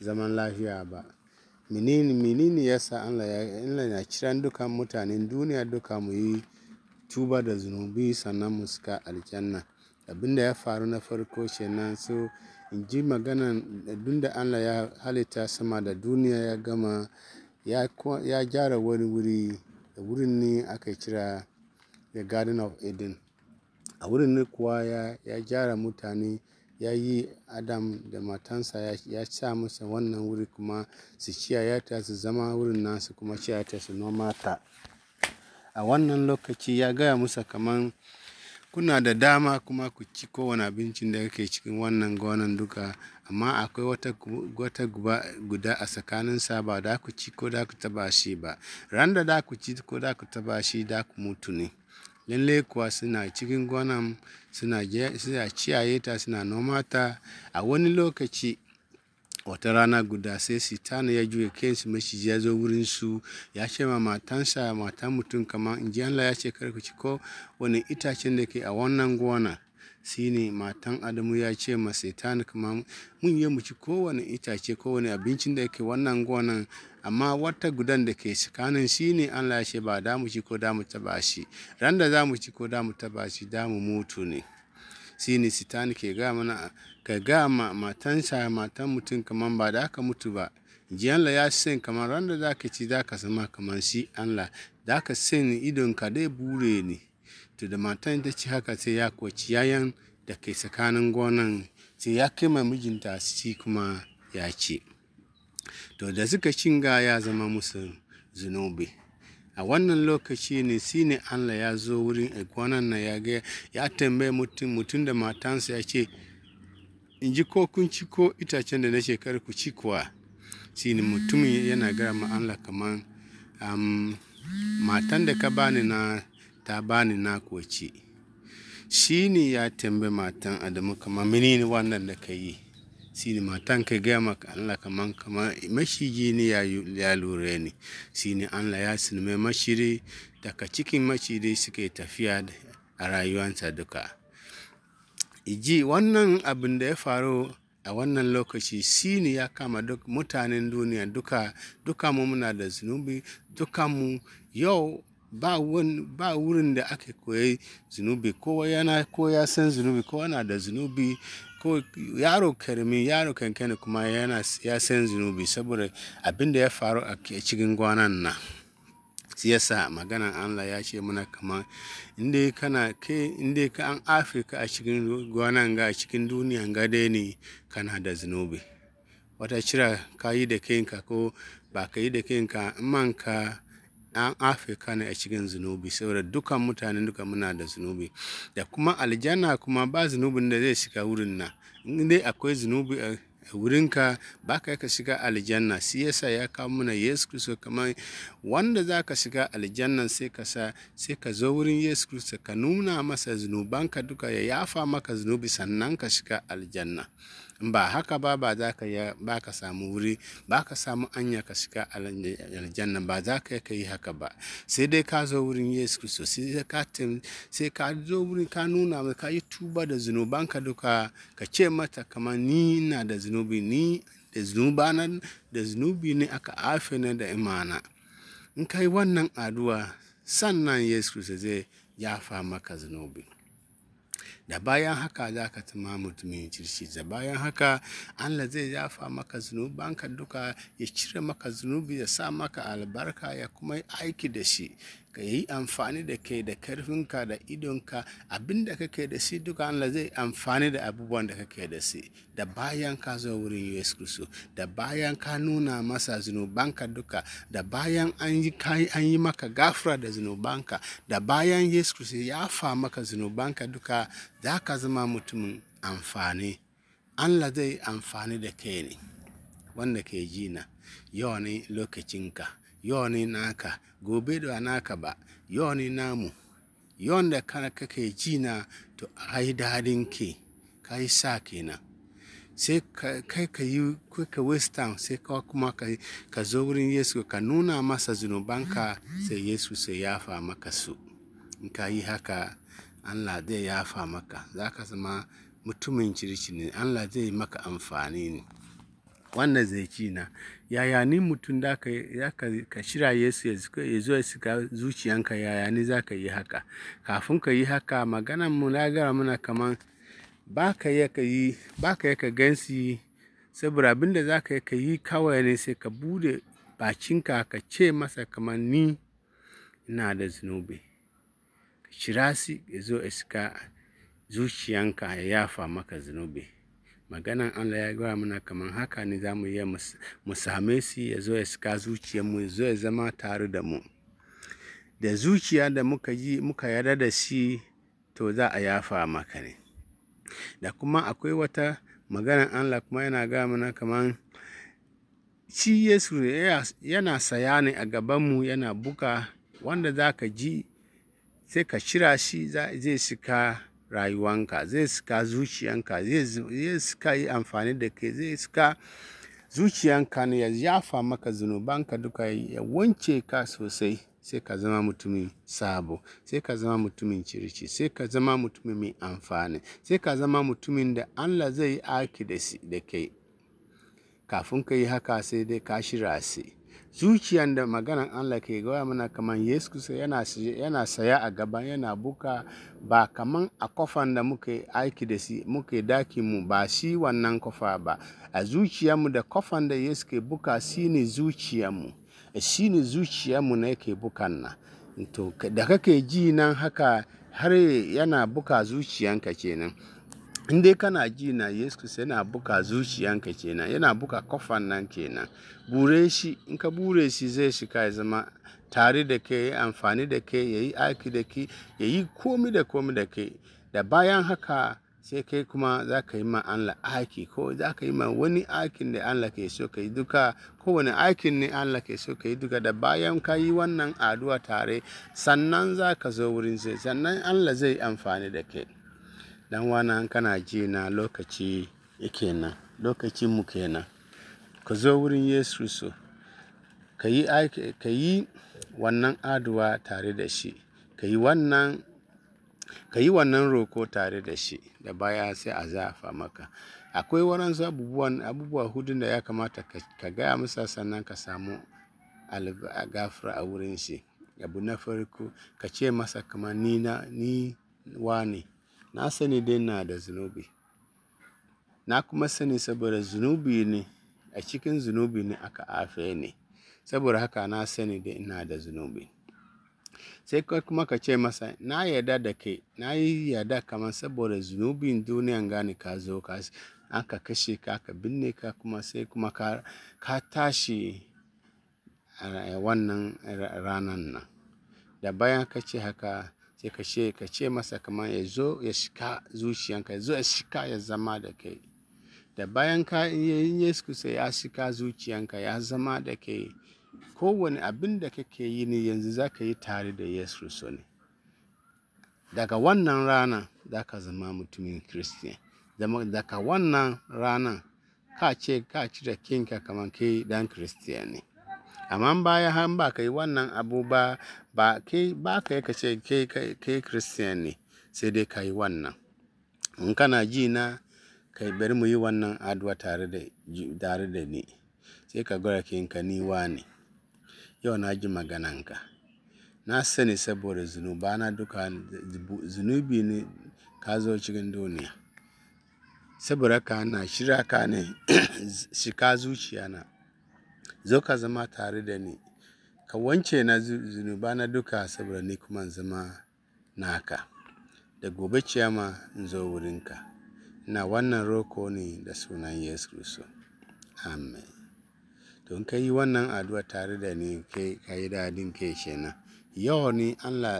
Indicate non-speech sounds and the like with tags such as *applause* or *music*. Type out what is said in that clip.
zaman lafiya ba menene menene yasa Allah ya Allah na kiran dukan mutanen duniya duka mu yi tuba da zunubi sannan mu suka aljanna abinda ya faru na farko kenan so in ji maganan dunda Allah ya halitta sama da duniya ya gama ya gyara wani wuri da wurin ne aka kira the garden of eden a wurin ne kuwa ya gyara mutane ya yi Adam da matansa ya sa masa wannan wuri kuma su ciyaya ta su zama wurin nasu kuma ciyaya ta su noma ta. A wannan lokaci ya gaya musa kaman kuna da dama kuma ku ci kowane abincin da kake cikin wannan gonan duka amma akwai wata, guba guda a tsakanin sa ba da ku ci ko da ku taba shi ba ran da da ku ci ko da ku taba shi da ku mutu ne lalle kuwa suna cikin gonan suna ciyaye ta suna noma ta a wani lokaci wata rana guda sai sitana ya juya kansu maciji ya zo wurin su ya ce ma matansa matan mutum kamar in ji Allah ya ce kar ku ci ko wani itacen da ke a wannan gona shine matan Adamu ya ce ma sitana kamar mun yi mu ci kowane itace kowane abincin da ke wannan gonan amma wata gudan da ke tsakanin shi ne Allah ya ba da mu ci ko da mu taba shi ran da za mu ci ko da mu taba shi da mutu ne shine sitani ke gaya mana ka gaya ma matansa matan mutum kamar ba da aka mutu ba ji la ya san kamar ran da za ka ci za ka zama kamar shi Allah da ka sani ka dai bure ne to da matan ta ci haka sai ya kwaci yayan da ke tsakanin gonan sai ya kai mai mijinta shi kuma ya ce to da suka cinga ya zama musu zunubi a wannan lokaci ne shi ne Allah ya zo wurin iguanan na ya ga ya tambaye mutum mutum da matansa ya ce in ji ko kun ci ko itacen da na shekaru ku ci kuwa shi ne mutumin yana gara ma Allah kamar um, matan da ka bani na ta bani na kuwa ci shi ne ya tambaye matan Adamu kaman ne wannan da ka yi shine matan ka gaya maka Allah kaman kama mashigi ne ya lura ne shine Allah ya mashiri daga cikin mashiri suke tafiya a rayuwansa duka iji wannan abin da ya faru a wannan lokaci shine ya kama duk mutanen duniya duka duka mu muna da zunubi duka mu yau ba wurin da ake koyi zunubi kowa yana ko ya san zunubi kowa na da zunubi ko yaro karami yaro kankani kuma yana ya san zunubi saboda abin da ya faru a cikin gwanan nan siyasa maganan Allah ya ce muna kama inda kana ke inda ka an afirka a cikin gwanan ga a cikin duniya ga dai ne kana da zunubi wata cira ka yi da kinka ko ba ka yi da kanka in manka 'yan afirka ne a cikin zunubi saboda dukan mutane duka muna da zunubi da kuma aljanna kuma ba zunubin da zai shiga wurin na dai akwai zunubi a wurinka ba ka ka shiga aljanna shi yasa ya kawo mana yesu kristo kamar wanda za ka shiga aljanna sai ka sa sai ka zo wurin yesu kristo ka nuna masa zunubanka duka ya yafa maka zunubi sannan ka shiga aljanna in ba haka ba ba za ka yi ba ka samu wuri ba ka samu anya ka shiga aljanna ba za ka ka yi haka ba sai dai ka zo wurin yesu kristo sai ka zo wurin ka nuna mai ka yi tuba da ka duka ka ce mata kama ni na da zunubi ni da na da zunubi ne aka afina da imana in ka yi wannan aduwa sannan yesu kristo zai yafa maka zunubi da bayan haka za ka zama mutumin kirki da bayan haka Allah zai yafa maka zunubanka duka ya cire maka zunubi ya sa maka albarka ya kuma aiki da shi ka yi amfani da kai da karfinka da idonka abin da kake da shi duka Allah zai amfani da abubuwan da kake da shi da bayan ka zo wurin Yesu Kristo da bayan ka nuna masa zinubanka duka da bayan an yi an yi maka gafara da zinubanka da bayan Yesu Kristo ya fa maka zinubanka duka za ka zama mutumin amfani Allah zai amfani da kai ne wanda ke ji na yawan lokacinka yau naka gobe da naka ba yau namu yau da kana kake ji na to ai dadin ke ka yi sa kenan sai kai ka yi kuka western sai ka kuma ka zo wurin yesu ka nuna masa zunubanka sai yesu sai yafa maka su in ka yi haka allah zai yafa maka za ka zama mutumin kirki ne allah zai maka amfani ne wannan zai ci na yaya ni mutum da ka ka shirya Yesu ya zo ya zuciyanka yaya ni za ka yi haka kafin ka yi haka maganan mu na gara muna kaman ba ka yi ka gan su yi saboda abin da za ka yi ka yi kawai ne sai ka bude bakinka ka ce masa kaman ni ina da zunubi ka shira su ya zo ya zuciyanka ya yafa maka zunubi maganan Allah ya gaya mana kamar haka ne za mu yi mu same su ya zo ya sika zuciyarmu ya zo ya zama tare da mu da zuciya da muka yi muka yarda da shi to za a yafa maka ne da kuma akwai wata maganan Allah kuma yana gaya mana kamar shi Yesu yana saya ne a gaban mu yana buka wanda za ka ji sai ka shira shi zai shiga. rayuwanka zai suka zuciyanka zai suka yi amfani da kai zai suka zuciyanka ne ya yafa maka zunubanka duka ya wanke ka sosai sai ka zama mutumin sabo sai ka zama mutumin cirici sai ka zama mutumin mai amfani sai ka zama mutumin da allah zai yi aki da kai kafin ka yi haka sai dai ka shirya rasi zuciyan da maganan Allah ke gaya mana kaman Yesu kusa yana saya a gaban yana buka ba kaman a kofan da muke aiki da shi muke daki mu ba shi wannan kofa ba a mu da kofan da Yesu ke buka shine zuciyarmu e shine mu ne ke bukan na to da kake ji nan haka har yana buka zuciyanka kenan in dai kana ji na yesu kristi yana buka zuciyanka kenan yana buka kofan nan kenan bure shi in ka bure shi zai shiga ya zama tare da ke ya amfani da ke ya yi aiki da ke ya yi komi da komi da ke da bayan haka sai kai kuma za ka yi ma Allah aiki ko za ka yi ma wani aikin da Allah ke so ka yi duka ko wani aikin ne Allah ke so ka yi duka da bayan ka yi wannan addu'a tare sannan za ka zo wurin sai sannan Allah zai amfani da kai Dan wana kana ji na lokaci yake nan, lokacin mu kenan ku zo wurin Yesu su ka yi ka wannan addu'a tare da shi. Ka yi wannan, ka yi wannan roko tare da shi da baya sai a zafa maka. Akwai waɗansu abubuwan, abubuwa hudun da ya kamata ka gaya masa sannan ka samu gafara a wurin shi. Abu na farko ka ce masa kamar ni na, ni wa ne. Na sani dai na da zunubi. Na kuma sani saboda zunubi ne, a cikin zunubi ne aka afe ni. Saboda haka na sani dai ina da zunubi. Sai kuma ka ce masa, na yarda da kai, na yi yarda kaman saboda zunubin duniyan gani ka zo ka, aka kashe ka, aka binne ka kuma sai kuma ka, ka tashi wannan ranan nan. Da bayan ka ce haka sai ka ce ka ce masa kamar ya zo ya shika zuciyanka ya zo ya shika ya zama da kai da bayan ka in yesu kusa ya shika zuciyanka ya zama da kai kowane abin da kake yi ne yanzu za ka yi tare da yesu so ne daga wannan rana za ka zama mutumin kristiyan daga wannan rana ka ce ka cire kinka kamar kai dan kristiyan ne Amma bayan har ba ka yi wannan abu ba, ba kai ba ka yi ka ce Christian ne sai dai ka yi wannan. In kana ji na kai bari mu yi wannan aduwa tare da tare da ni. Sai ka gwada kanka ni Yau na ji magananka. Na sani saboda na duka zunubi ne ka zo cikin duniya. Saboda ka na shirya ka ne *clears throat* shika zuciya na. zo ka zama tare da ni ka wance na zunubana duka saboda ni kuma zama naka da gobe ciyama in zo wurinka ina wannan roko ne da sunan yesu kristo amen don ka yi wannan addu'a tare da ni ka yi daɗin kai kenan yau ne allah